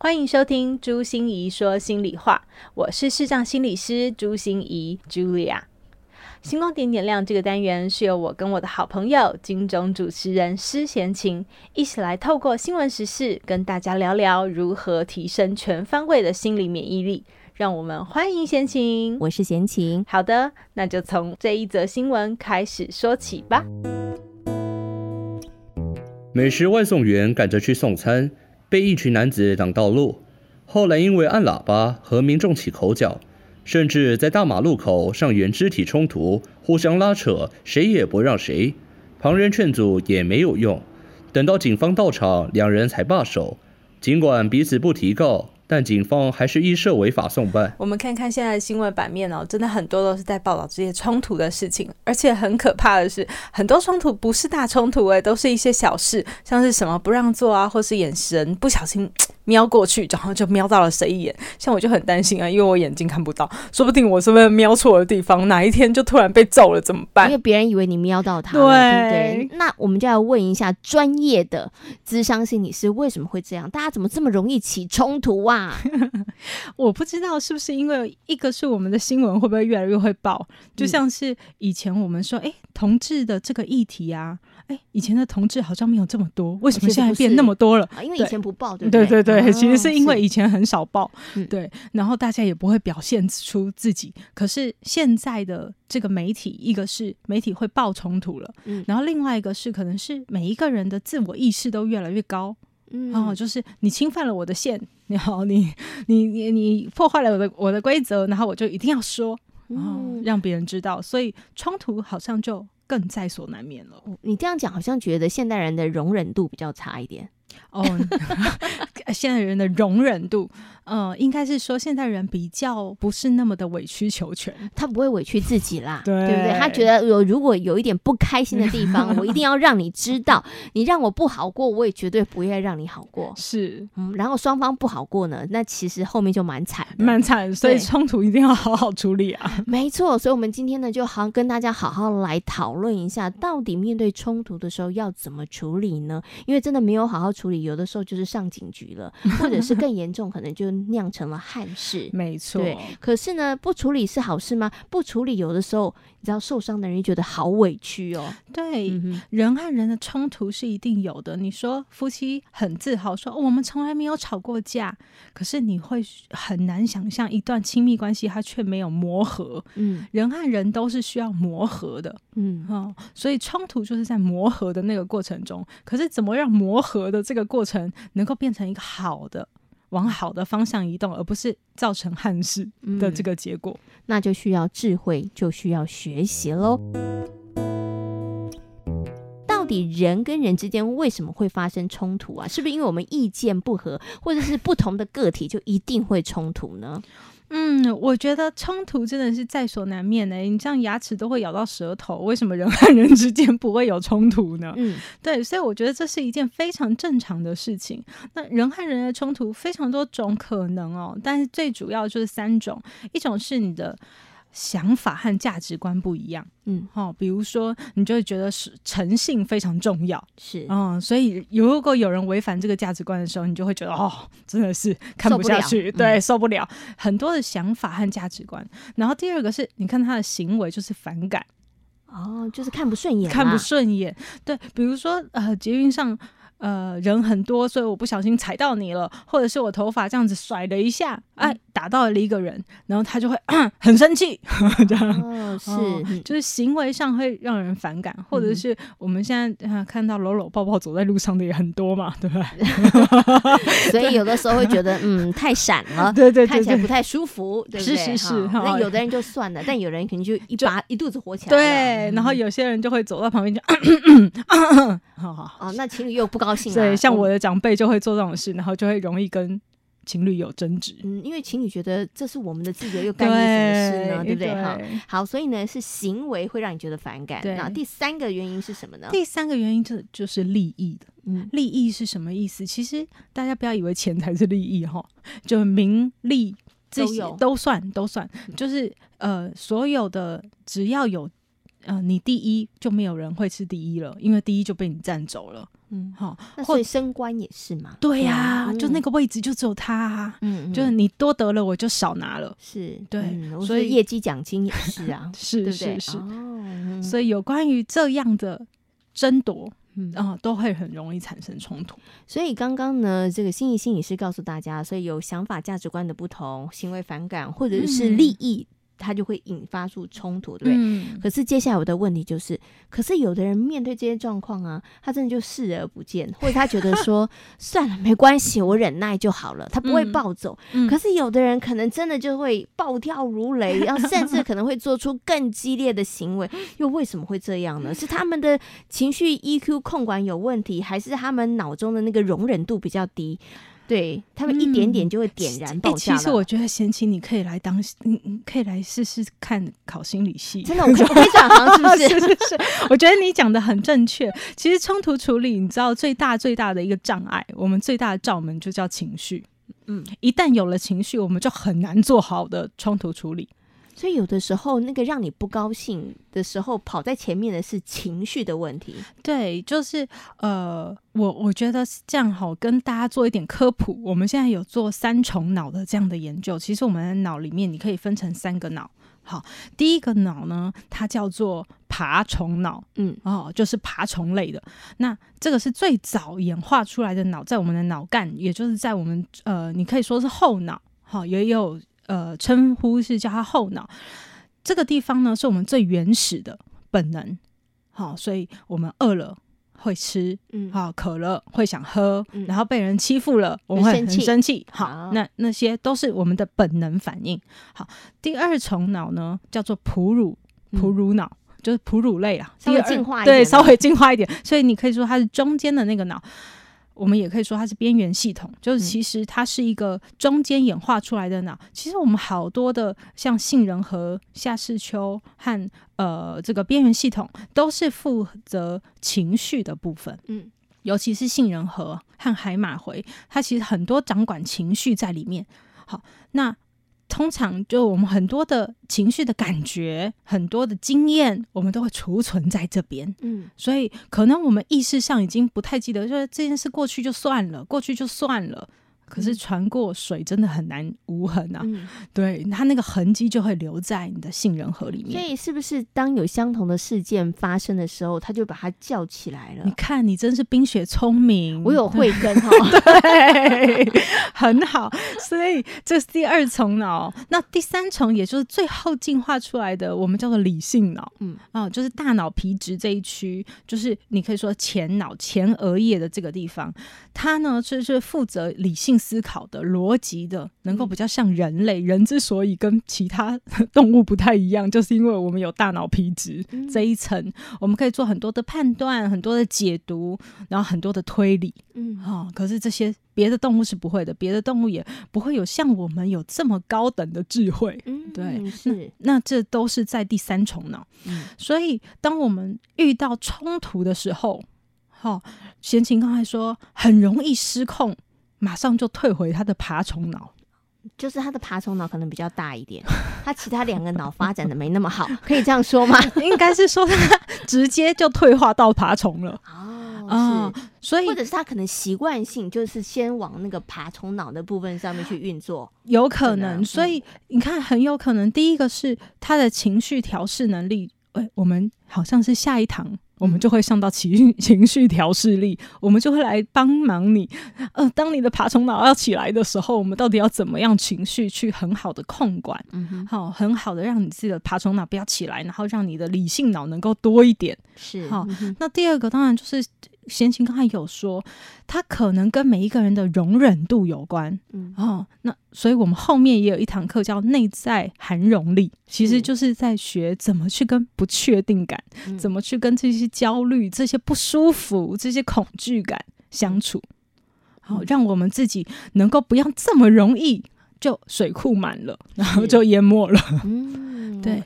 歡迎收聽朱芯儀說心裡話，我是視障心理師朱芯儀 Julia。芯光點點亮，這個單元是由我跟我的好朋友金鐘主持人施賢琴一起來透過新聞時事跟大家聊聊如何提升全方位的心理免疫力。讓我們歡迎賢琴。我是賢琴。好的，那就從這一則新聞開始說起吧。美食外送員趕着去送餐，被一群男子擋道路，後來因為按喇叭和民眾起口角，甚至在大馬路口上演肢體衝突，互相拉扯，誰也不讓誰，旁人勸阻也沒有用。等到警方到場，兩人才罷手，儘管彼此不提告。但警方還是依涉違法送辦。我們看看現在的新聞版面哦、喔，真的很多都是在報道這些衝突的事情，而且很可怕的是，很多衝突不是大衝突哎、欸，都是一些小事，像是什麼不讓座啊，或是眼神不小心瞄過去，然後就瞄到了誰一眼。像我就很擔心啊，因為我眼睛看不到，說不定我是不是瞄錯了地方，哪一天就突然被揍了怎麼辦？因為別人以為你瞄到他。對是是，那我們就要問一下專業的諮商心理師，為什麼會這樣？大家怎麼這麼容易起衝突啊？ 我不知道是不是因為一個是我們的新聞會不會越來越會爆，就像是以前我們說，哎、欸，同志的這個議題啊，哎、欸，以前的同志好像沒有這麼多，為什麼現在變那麼多了？因為以前不報，對對對對，其實是因為以前很少報，對，然後大家也不會表現出自己。可是現在的這個媒體，一個是媒體會爆衝突了，然後另外一個是可能是每一個人的自我意識都越來越高。嗯，哦，就是你侵犯了我的線，你好，你你你你破壞了我的我的規則，然後我就一定要說，然後、嗯、讓別人知道，所以衝突好像就更在所難免了。你這樣講，好像覺得現代人的容忍度比較差一點哦，oh, 現代人的容忍度。嗯，應該是說，現在人比較不是那麼的委曲求全，他不會委屈自己啦， 對，對不對？他覺得有如果有一點不開心的地方， 我一定要讓你知道，你讓我不好過，我也絕對不會讓你好過。是，嗯，然後雙方不好過呢，那其實後面就蠻慘，蠻慘，所以衝突一定要好好處理啊。沒錯，所以我們今天呢，就好像跟大家好好來討論一下， 到底面對衝突的時候要怎麼處理呢？因為真的沒有好好處理，有的時候就是上警局了，或者是更嚴重， 可能就。釀成了憾事，沒錯錯。可是呢，不處理是好事嗎？不處理，有的時候你知道，受傷的人覺得好委屈哦。對，嗯、哼人和人的衝突是一定有的。你說夫妻很自豪說，說、哦、我們從來沒有吵過架，可是你會很難想象，一段親密關係他卻沒有磨合。嗯，人和人都是需要磨合的。嗯，哦、嗯，所以衝突就是在磨合的那個過程中。可是，怎麼讓磨合的這個過程能夠變成一個好的？往好的方向移動，而不是造成憾事的這個結果，嗯，那就需要智慧，就需要學習嘍。到底人跟人之間為什麼會發生衝突啊？是不是因為我們意見不合，或者是不同的個體就一定會衝突呢？嗯，我覺得衝突真的是在所難免的、欸。你這樣牙齒都會咬到舌頭，為什麼人和人之間不會有衝突呢？嗯，對，所以我覺得這是一件非常正常的事情。那人和人的衝突非常多種可能哦、喔，但是最主要就是三種，一種是你的。想法和價值觀不一樣，嗯，哦，比如說你就會覺得是誠信非常重要，是，嗯，所以如果有人違反這個價值觀的時候，你就會覺得哦，真的是看不下去，對，嗯、受不了。很多的想法和價值觀，然後第二個是你看他的行為就是反感，哦，就是看不順眼、啊，看不順眼，對，比如說呃，捷運上。呃，人很多，所以我不小心踩到你了，或者是我頭髮這樣子甩了一下，哎，打到了一個人，然後他就會很生氣，這樣是就是行為上會讓人反感，或者是我們現在看到摟摟抱抱走在路上的也很多嘛，對不對？所以有的時候會覺得嗯太閃了，對對對，看起來不太舒服，對。是是是。那有的人就算了，但有人肯定就一抓，一肚子火起來，對，然後有些人就會走到旁邊就，好好好，那情侶又不搞。對，哦、像我的長輩就會做這種事，然後就會容易跟情侶有爭執。嗯，因為情侶覺得這是我們的自由，又干你什麼事呢？對，對不對？哈對，好，所以呢，是行為會讓你覺得反感。對那第三個原因是什麼呢？第三個原因就就是利益。嗯，利益是什麼意思？其實大家不要以為錢才是利益哈，就名利這些都算有都算。都算嗯、就是呃，所有的只要有呃，你第一就沒有人會吃第一了，因為第一就被你佔走了。嗯，好，所以升官也是嘛？對呀、啊，嗯、就那個位置就只有他、啊，嗯，就是你多得了，我就少拿了。是，對，嗯、所以業績獎金也是啊， 是，對對是，是是。哦嗯、所以有關於這樣的爭奪，嗯、啊，都會很容易產生衝突。所以剛剛呢，這個芯儀心理師告訴大家，所以有想法、價值觀的不同，行為反感，或者是利益。嗯他就會引發出衝突，對不對？嗯、可是接下來我的問題就是，可是有的人面對這些狀況啊，他真的就視而不見，或者他覺得說 算了，沒關係，我忍耐就好了，他不會暴走。嗯、可是有的人可能真的就會暴跳如雷，嗯、然後甚至可能會做出更激烈的行為。 又為什麼會這樣呢？是他們的情緒 EQ 控管有問題，還是他們腦中的那個容忍度比較低？對，他們一點點就會點燃到。嗯欸。其實我覺得賢琴，你可以來當，嗯嗯，可以來試試看考心理系。真的，我轉吧行是，不是， 是是是，我覺得你講的很正確。其實衝突處理，你知道最大最大的一個障礙，我們最大的罩門就叫情緒。嗯，一旦有了情緒，我們就很難做好的衝突處理。所以有的時候，那個讓你不高興的時候，跑在前面的是情緒的問題。對，就是呃，我我覺得這樣好，跟大家做一點科普。我們現在有做三重腦的這樣的研究。其實我們的腦裡面，你可以分成三個腦。好，第一個腦呢，它叫做爬蟲腦。嗯，哦，就是爬蟲類的。那這個是最早演化出來的腦，在我們的腦幹，也就是在我們呃，你可以說是後腦。好，哦，也有。呃，稱呼是叫它後腦，這個地方呢是我們最原始的本能，好，所以我們餓了會吃，嗯，好，渴了會想喝，嗯、然後被人欺負了我們會很生氣，好，好那那些都是我們的本能反應，好，第二重腦呢叫做哺乳哺乳腦，嗯、就是哺乳類啊，稍微進化一點，對，稍微進化一點，所以你可以說它是中間的那個腦。我們也可以說它是邊緣系統，就是其實它是一個中間演化出來的腦。嗯、其實我們好多的，像杏仁核、下視丘和呃這個邊緣系統，都是負責情緒的部分。嗯，尤其是杏仁核和海馬迴，它其實很多掌管情緒在裡面。好，那。通常，就我們很多的情緒的感覺，很多的經驗，我們都會儲存在這邊。嗯，所以可能我們意識上已經不太記得，就這件事過去就算了，過去就算了。可是，船過水真的很難無痕吶、啊。嗯、對，它那個痕跡就會留在你的杏仁核裡面。所以，是不是當有相同的事件發生的時候，他就把它叫起來了？你看，你真是冰雪聰明，我有慧根哈、哦。 對， 很好。所以這是第二層腦。 那第三層，也就是最後進化出來的，我們叫做理性腦。嗯，啊，就是大腦皮質這一區，就是你可以說前腦前額葉的這個地方，它呢就是負責理性。思考的邏輯的，能夠比較像人類。嗯、人之所以跟其他動物不太一樣，就是因為我們有大腦皮質、嗯、這一層，我們可以做很多的判斷、很多的解讀，然後很多的推理。嗯、哦，可是這些別的動物是不會的，別的動物也不會有像我們有這麼高等的智慧。嗯，對是那，那這都是在第三重腦。嗯，所以當我們遇到衝突的時候，好、哦，賢琴剛才說很容易失控，馬上就退回他的爬蟲腦，就是他的爬蟲腦可能比較大一點，他其他兩個腦發展的沒那麼好， 可以這樣說嗎？應該是說他直接就退化到爬蟲了。哦，啊、哦，是所以或者是他可能習慣性就是先往那個爬蟲腦的部分上面去運作，有可能。的所以你看，很有可能、嗯、第一個是他的情緒調試能力、欸。我們好像是下一堂。我們就會上到情緒情緒調適力，我們就會來幫忙你。嗯、呃，當你的爬蟲腦要起來的時候，我們到底要怎麼樣情緒去很好的控管？嗯哼，好，很好的讓你自己的爬蟲腦不要起來，然後讓你的理性腦能夠多一點。是，好。嗯、哼那第二個當然就是。先清，剛才有說，他可能跟每一個人的容忍度有關，嗯哦，那所以我們後面也有一堂課叫內在含容力，其實就是在學怎麼去跟不確定感，嗯、怎麼去跟這些焦慮、這些不舒服、這些恐懼感相處，好、嗯哦，讓我們自己能夠不要這麼容易就水庫滿了，然後就淹沒了。是 對。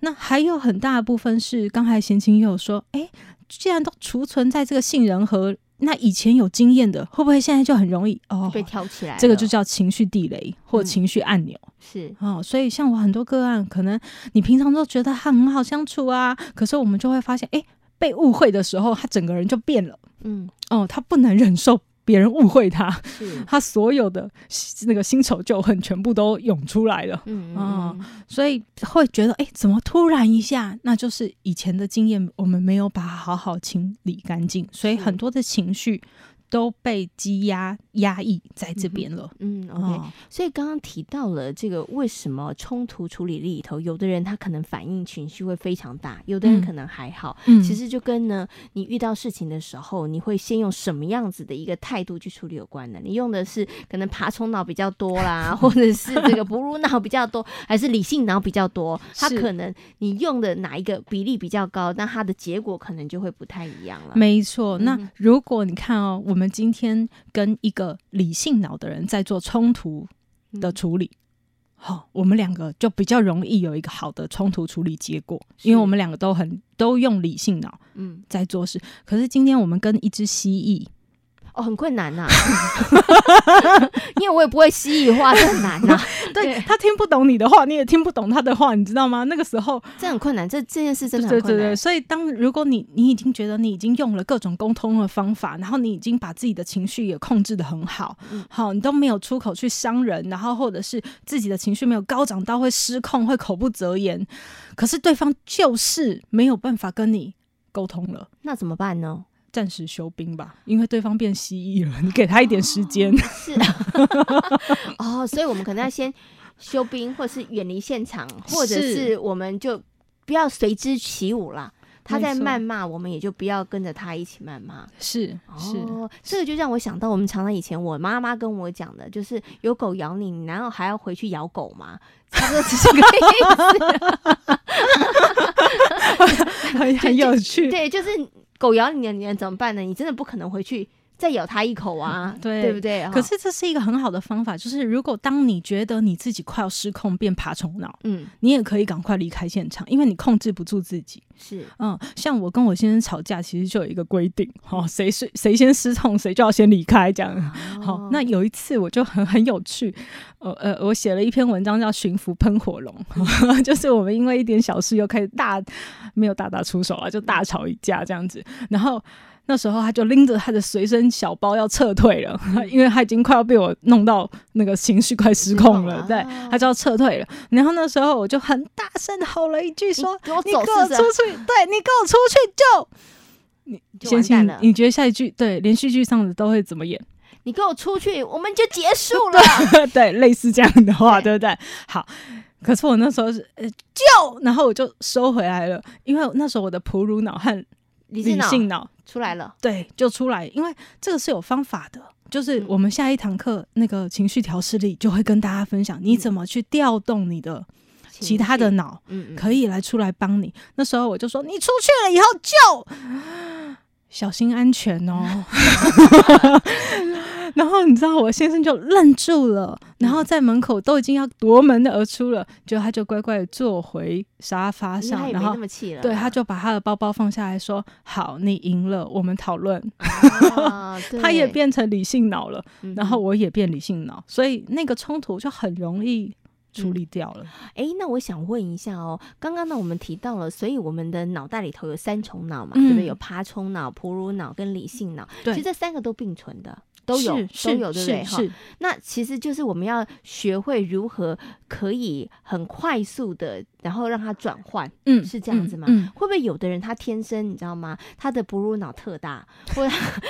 那還有很大的部分是剛才賢琴也有說，誒、欸。既然都儲存在這個杏仁核，那以前有經驗的，會不會現在就很容易哦被挑起來？這個就叫情緒地雷或情緒按鈕、嗯。是哦，所以像我很多個案，可能你平常都覺得他很好相處啊，可是我們就會發現，哎、欸，被誤會的時候，他整個人就變了。嗯，哦，他不能忍受。別人誤會他，是他所有的那個新仇舊恨全部都湧出來了，嗯、哦，所以會覺得，哎，怎麼突然一下？那就是以前的經驗，我們沒有把它好好清理乾淨，所以很多的情緒。都被積壓壓抑在這邊了。嗯，嗯，OK。哦、所以剛剛提到了這個，為什麼衝突處理力裡頭，有的人他可能反應情緒會非常大，有的人可能還好。嗯，其實就跟呢，你遇到事情的時候，你會先用什麼樣子的一個態度去處理有關的。你用的是可能爬蟲腦比較多啦， 或者是這個哺乳腦比較多， 還是理性腦比較多？是他可能你用的哪一個比例比較高，那他的結果可能就會不太一樣了。沒錯。那如果你看哦，嗯、我。我們今天跟一個理性腦的人在做衝突的處理，好、嗯哦，我們兩個就比較容易有一個好的衝突處理結果，是因為我們兩個都很都用理性腦在做事。嗯、可是今天我們跟一隻蜥蜴。哦，很困難吶、啊， 因為我也不會西語化， 很難吶。 難 對，他聽不懂你的話，你也聽不懂他的話，你知道嗎？那個時候，這很困難，這這件事真的很困難。對對對對，所以當，當如果你你已經覺得你已經用了各種溝通的方法，然後你已經把自己的情緒也控制得很好，好、嗯哦，你都沒有出口去傷人，然後或者是自己的情緒沒有高漲到會失控，會口不擇言，可是對方就是沒有辦法跟你溝通了，那怎麼辦呢？暫時休兵吧，因為對方變蜥蜴了，你給他一點時間、哦。是、啊、 哦，所以我們可能要先休兵，或是遠離現場，是或者是我們就不要隨之起舞啦。錯他在謾罵，我們也就不要跟着他一起謾罵。是是，哦、是這個就讓我想到我們常常以前我媽媽跟我講的，就是有狗咬你，你然後還要回去咬狗嗎？他說：“很有趣。”對，就是。狗咬你了，你能怎麼辦呢？你真的不可能回去，再咬他一口啊，嗯、對，對不對？哦、可是這是一個很好的方法，就是如果當你覺得你自己快要失控變爬蟲腦，嗯，你也可以趕快離開現場，因為你控制不住自己。是，嗯，像我跟我先生吵架，其實就有一個規定，哦，誰是誰先失控，誰就要先離開這樣。哦、好，那有一次我就很很有趣，呃呃，我寫了一篇文章叫《馴服噴火龍》，嗯、 就是我們因為一點小事又開始大，沒有大打出手啊，就大吵一架這樣子，然後，那時候他就拎着他的隨身小包要撤退了，因為他已經快要被我弄到那個情緒快失控了，嗯、對，他就要撤退了。然後那時候我就很大聲吼了一句說：“你給，你給我出去，對，你給我出去就……你就先棄？你覺得下一句對連續劇上的都會怎麼演？你給我出去，我們就結束了。 對，對，類似這樣的話，對，對不對？好，可是我那時候是呃就，然後我就收回來了，因為那時候我的哺乳腦和……理性腦出來了，對，就出來，因為這個是有方法的，就是我們下一堂課、嗯、那個情緒調適裡就會跟大家分享，你怎麼去調動你的其他的腦，緒可以來出來幫你。嗯嗯那時候我就說，你出去了以後就小心安全哦。 然後你知道我先生就愣住了，然後在門口都已經要奪門而出了，就他就乖乖坐回沙發上，然後那麼氣了，對，他就把他的包包放下來說：“好，你贏了，我們討論。 啊”他也變成理性腦了，然後我也變理性腦，所以那個衝突就很容易處理掉了。哎、嗯，那我想問一下哦，剛剛呢我們提到了，所以我們的腦袋裡頭有三重腦嘛？嗯、對不對？有爬蟲腦、哺乳腦跟理性腦，對其實這三個都並存的。都有，是都有，是對不對哈。是是，那其實就是我們要學會如何可以很快速的，然後讓它轉換，嗯，是這樣子嗎？嗯嗯、會不會有的人他天生你知道嗎？他的哺乳腦特大，或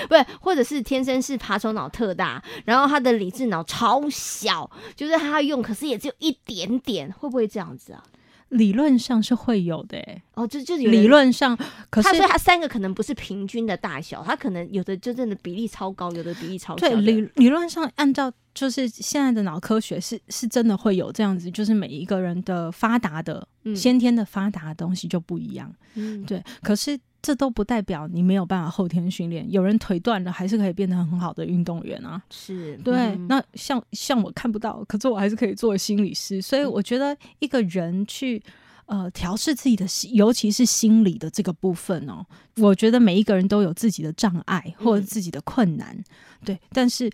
不，或者是天生是爬蟲腦特大，然後他的理智腦超小，就是他用可是也只有一點點，會不會這樣子啊？理論上是會有的、欸、哦，就，就理論上，可是它三個可能不是平均的大小，它可能有的就真正的比例超高，有的比例超高。對，理理論上，按照就是現在的腦科學是是真的會有這樣子，就是每一個人的發達的、嗯、先天的發達的東西就不一樣，嗯、對，可是。這都不代表你沒有辦法後天訓練，有人腿斷了還是可以變得很好的運動員啊！是、嗯、對，那像像我看不到，可是我還是可以做心理師，所以我覺得一個人去呃調試自己的，尤其是心理的這個部分哦，我覺得每一個人都有自己的障礙或者自己的困難，嗯、對，但是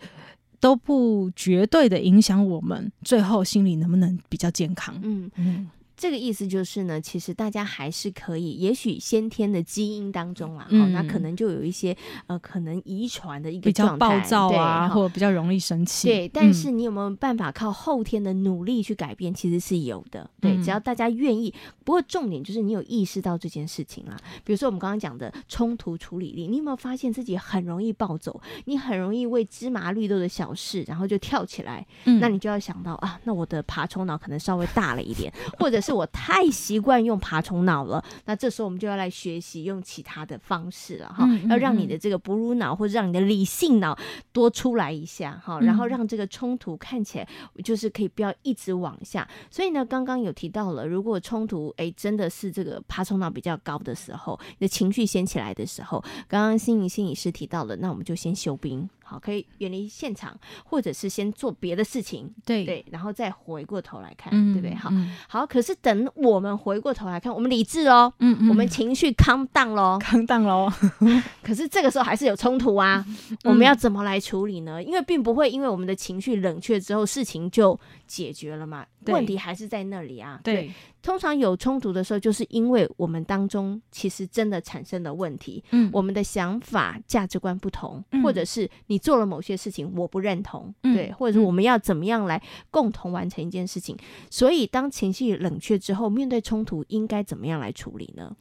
都不絕對的影響我們最後心理能不能比較健康。嗯嗯。嗯這個意思就是呢，其實大家還是可以，也許先天的基因當中啊、嗯哦，那可能就有一些呃，可能遺傳的一個比較暴躁啊，哦、或者比較容易生氣，對。但是你有沒有辦法靠後天的努力去改變？其實是有的，嗯、對。只要大家願意。不過重點就是你有意識到這件事情啦。比如說我們剛剛講的衝突處理力，你有沒有發現自己很容易暴走？你很容易為芝麻綠豆的小事，然後就跳起來。嗯。那你就要想到啊，那我的爬蟲腦可能稍微大了一點， 或者是。我太習慣用爬蟲腦了，那這時候我們就要來學習用其他的方式了哈，嗯嗯嗯，要讓你的這個哺乳腦或者讓你的理性腦多出來一下哈，然後讓這個衝突看起來就是可以不要一直往下。嗯、所以呢，剛剛有提到了，如果衝突誒、欸、真的是這個爬蟲腦比較高的時候，你的情緒掀起來的時候，剛剛芯儀心理師提到了，那我們就先休兵。好，可以遠離現場，或者是先做別的事情，對對，然後再回過頭來看，嗯、對不對？好、嗯、好，可是等我們回過頭來看，我們理智哦，嗯嗯、我們情緒 calm down 咯，calm down 咯，down 咯 可是這個時候還是有衝突啊，嗯、我們要怎麼來處理呢？因為並不會，因為我們的情緒冷卻之後，事情就解決了嘛，對問題還是在那裡啊，對。對通常有衝突的時候，就是因為我們當中其實真的產生了問題，嗯，我們的想法、價值觀不同，嗯、或者是你做了某些事情我不認同，嗯、對，或者是我們要怎麼樣來共同完成一件事情。嗯、所以，當情緒冷卻之後，面對衝突應該怎麼樣來處理呢？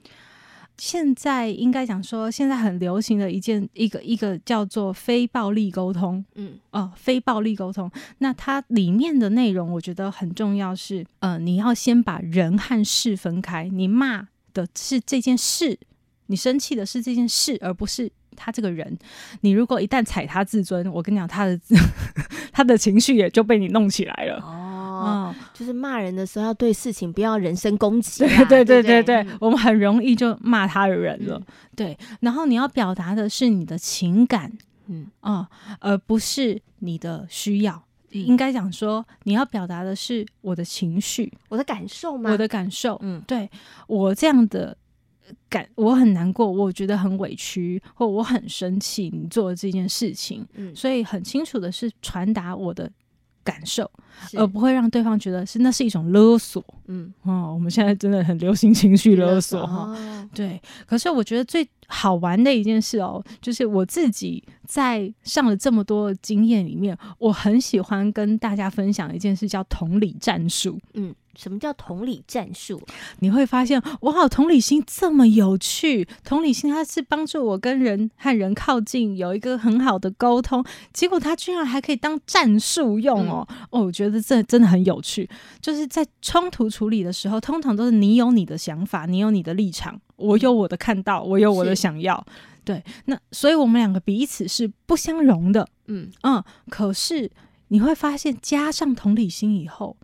現在應該講說，現在很流行的一件一個一個叫做非暴力溝通，嗯，哦、呃，非暴力溝通，那它裡面的內容我覺得很重要是，呃，你要先把人和事分開，你罵的是這件事，你生氣的是這件事，而不是他這個人。你如果一旦踩他自尊，我跟你講，他的他的情緒也就被你弄起來了。哦。哦，哦，就是罵人的時候要對事情，不要人身攻擊、啊。對對對對對，嗯、我們很容易就罵他的人了。嗯、對，然後你要表達的是你的情感，嗯、哦、而不是你的需要。嗯、應該講說，你要表達的是我的情緒、我的感受嗎？我的感受，嗯，對，我這樣的感，我很難過，我覺得很委屈，或我很生氣，你做了這件事情，嗯，所以很清楚的是傳達我的。感受，是而不會讓對方覺得是那是一種勒索。嗯，哦，我們現在真的很流行情緒勒索哈。索啊、對，可是我覺得最好玩的一件事哦，就是我自己在上了這麼多經驗裡面，我很喜歡跟大家分享一件事，叫同理戰術。嗯。什麼叫同理戰術、啊？你會發現，哇，同理心這麼有趣。同理心它是幫助我跟人和人靠近，有一個很好的溝通。結果它居然還可以當戰術用哦、嗯、哦，我覺得這真的很有趣。就是在衝突處理的時候，通常都是你有你的想法，你有你的立場，我有我的看到，嗯、我有我的想要。是對，那所以我們兩個彼此是不相容的。嗯嗯，可是你會發現，加上同理心以後，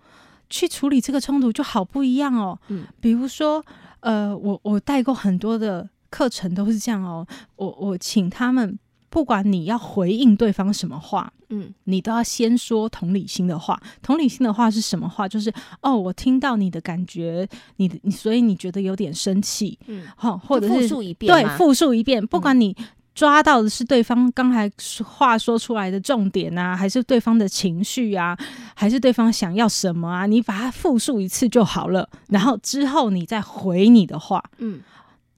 去處理這個衝突就好不一樣哦。嗯，比如說，呃，我我帶過很多的課程都是這樣哦。我我請他們，不管你要回應對方什麼話，嗯，你都要先說同理心的話。同理心的話是什麼話？就是哦，我聽到你的感覺，你的，所以你覺得有點生氣，嗯，好，或者是複述一遍，對，複述一遍，不管你。嗯抓到的是對方剛才話說出來的重點啊，還是對方的情緒啊，嗯、還是對方想要什麼啊？你把它複述一次就好了，然後之後你再回你的話，嗯，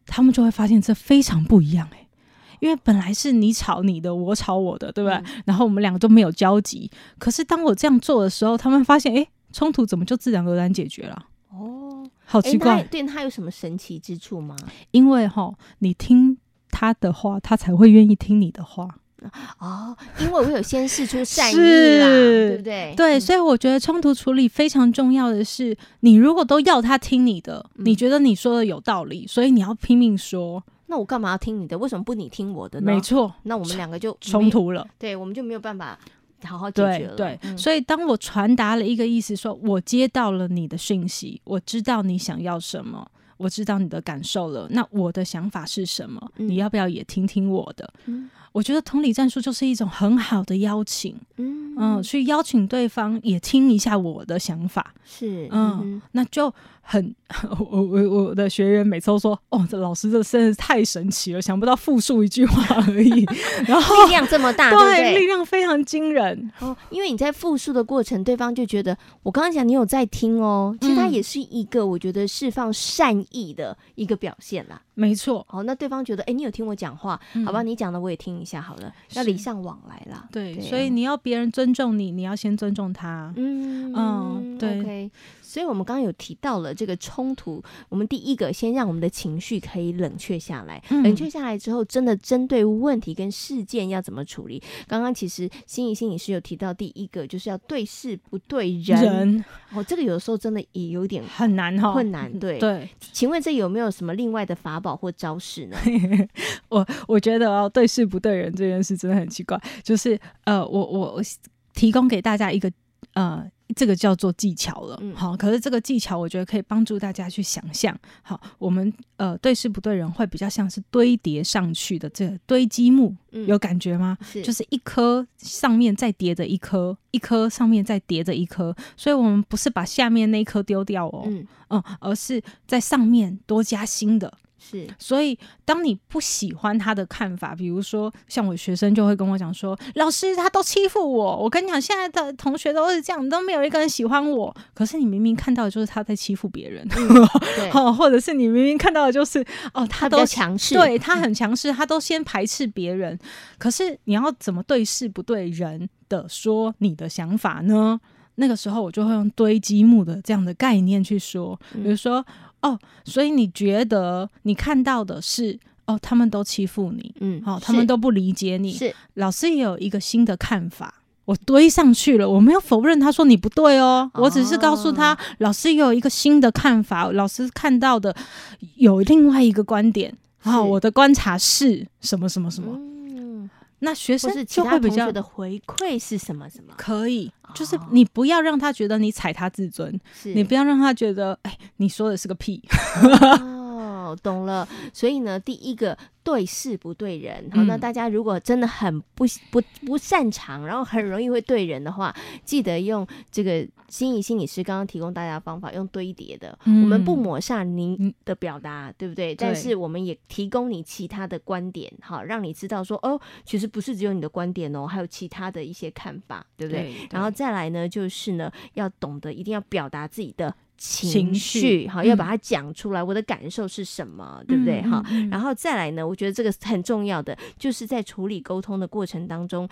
他們就會發現這非常不一樣誒、欸。因為本來是你吵你的，我吵我的，對不對？嗯、然後我們兩個都沒有交集。可是當我這樣做的時候，他們發現，誒、欸，衝突怎麼就自然而然解決了？哦，好奇怪！欸、他對他有什麼神奇之處嗎？因為哈，你聽。他的話，他才會願意聽你的話哦，因為我有先釋出善意啦，是對不對？對，所以我覺得衝突處理非常重要的是，你如果都要他聽你的，嗯、你覺得你說的有道理，所以你要拼命說，那我幹嘛要聽你的？為什麼不你聽我的？呢？沒錯錯，那我們兩個就衝突了，對我們就沒有辦法好好解決對，對嗯、所以當我傳達了一個意思說，說我接到了你的訊息，我知道你想要什麼。我知道你的感受了，那我的想法是什麼？你要不要也聽聽我的？嗯、我覺得同理戰術就是一種很好的邀請，嗯，嗯，去邀請對方也聽一下我的想法，是，嗯，嗯，嗯，那就。很，我我我的學員每次都說：“哦，這老師這真是太神奇了，想不到複述一句話而已， 然後力量這麼大對對，對，力量非常驚人。哦，因為你在複述的過程，對方就覺得我剛剛講你有在聽哦。其實它也是一個我覺得釋放善意的一個表現啦。沒錯、嗯。哦，那對方覺得哎、欸，你有聽我講話？嗯、好吧，你講的我也聽一下，好了，是要禮尚往來啦。對，對啊、所以你要別人尊重你，你要先尊重他。嗯嗯、哦，對。Okay. 所以，我們剛剛有提到了這個衝突。我們第一個先讓我們的情緒可以冷卻下來，嗯、冷卻下來之後，真的針對問題跟事件要怎麼處理？剛剛其實芯儀心理師有提到，第一個就是要對事不對人。人，哦，這個有時候真的也有點很難哈，困難。對對，對請問這有沒有什麼另外的法寶或招式呢？ 我我覺得哦，對事不對人這件事真的很奇怪。就是呃，我我提供給大家一個呃。這個叫做技巧了，好，可是這個技巧，我覺得可以幫助大家去想象。好，我們呃對事不對人，會比較像是堆疊上去的這個堆積木，有感覺嗎？嗯、是。就是一顆上面再疊着一顆，一顆上面再疊着一顆，所以我們不是把下面那顆丟掉哦，嗯，嗯，而是在上面多加新的。是，所以當你不喜歡他的看法，比如說像我學生就會跟我講說，老師他都欺負我。我跟你講，現在的同學都是這樣，都沒有一個人喜歡我。可是你明明看到的就是他在欺負別人，嗯呵呵，或者是你明明看到的就是哦，他都強勢，他，對，他很強勢，他都先排斥別人。嗯、可是你要怎麼對事不對人的說你的想法呢？那個時候我就會用堆積木的這樣的概念去說，比如說。哦，所以你覺得你看到的是哦，他們都欺負你，嗯，哦，是他們都不理解你，是老師也有一個新的看法，我堆上去了，我沒有否認，他說你不對哦，哦，我只是告訴他，老師也有一個新的看法，老師看到的有另外一個觀點啊是、哦，我的觀察是什麼什麼什麼、嗯。那學生就會比較，回饋是什麼什麼？可以，就是你不要讓他覺得你踩他自尊，是你不要讓他覺得哎、欸，你說的是個屁。 我懂了，所以呢，第一個對事不對人。好、嗯，那大家如果真的很不不不擅長，然後很容易會對人的話，記得用這個芯儀心理師剛剛提供大家方法，用堆疊的。嗯、我們不抹煞你的表達，嗯、對不對？對，但是我們也提供你其他的觀點，好，讓你知道說哦，其實不是只有你的觀點哦，還有其他的一些看法，對不對？對對，然後再來呢，就是呢，要懂得一定要表達自己的。情緒，好，要把它講出來。我的感受是什麼，嗯、對不對？好，然後再來呢，我覺得這個很重要的，就是在處理溝通的過程當中。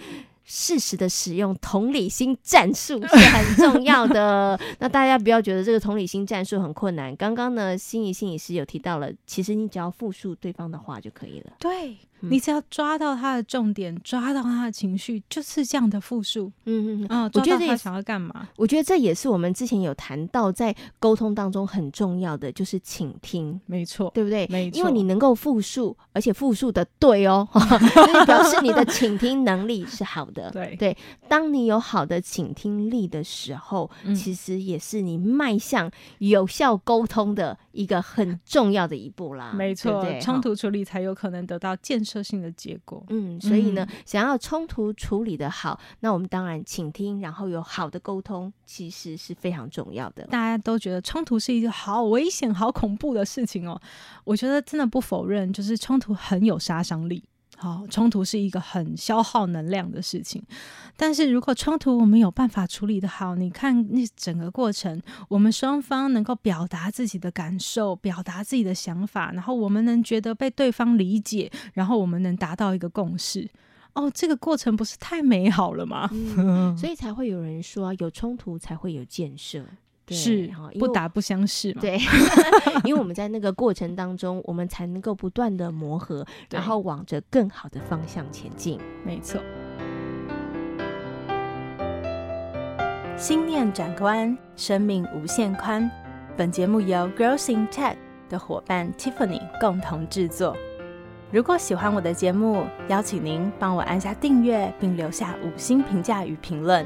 適時的使用同理心戰術是很重要的。 那大家不要覺得這個同理心戰術很困難。剛剛呢，芯儀心理師有提到了，其實你只要複述對方的話就可以了。對，嗯、你只要抓到他的重點，抓到他的情緒，就是這樣的複述。嗯嗯嗯。啊，抓到他我覺得這也想要幹嘛？我覺得這也是我們之前有談到，在溝通當中很重要的，就是傾聽。沒錯錯，對不對？沒錯錯，因為你能夠複述，而且複述的對哦， 所以表示你的傾聽能力是好的。對對，當你有好的傾聽力的時候，嗯、其實也是你邁向有效溝通的一個很重要的一步啦。沒錯，衝突處理才有可能得到建設性的結果。嗯，所以呢，嗯、想要衝突處理得好，那我們當然傾聽，然後有好的溝通，其實是非常重要的。大家都覺得衝突是一個好危險、好恐怖的事情哦。我覺得真的不否認，就是衝突很有殺傷力。好、哦，衝突是一個很消耗能量的事情，但是如果衝突我們有辦法處理得好，你看那整個過程，我們雙方能夠表達自己的感受，表達自己的想法，然後我們能覺得被對方理解，然後我們能達到一個共識，哦，這個過程不是太美好了嗎？嗯、所以才會有人說，有衝突才會有建設。對是不打不相識。對， 因為我們在那個過程當中，我們才能夠不斷的磨合，對然後往着更好的方向前進。沒錯。心念轉關，生命無限寬。本節目由 Girls in Tech 的夥伴 Tiffany 共同製作。如果喜歡我的節目，邀請您幫我按下訂閱，並留下五星評價與評論。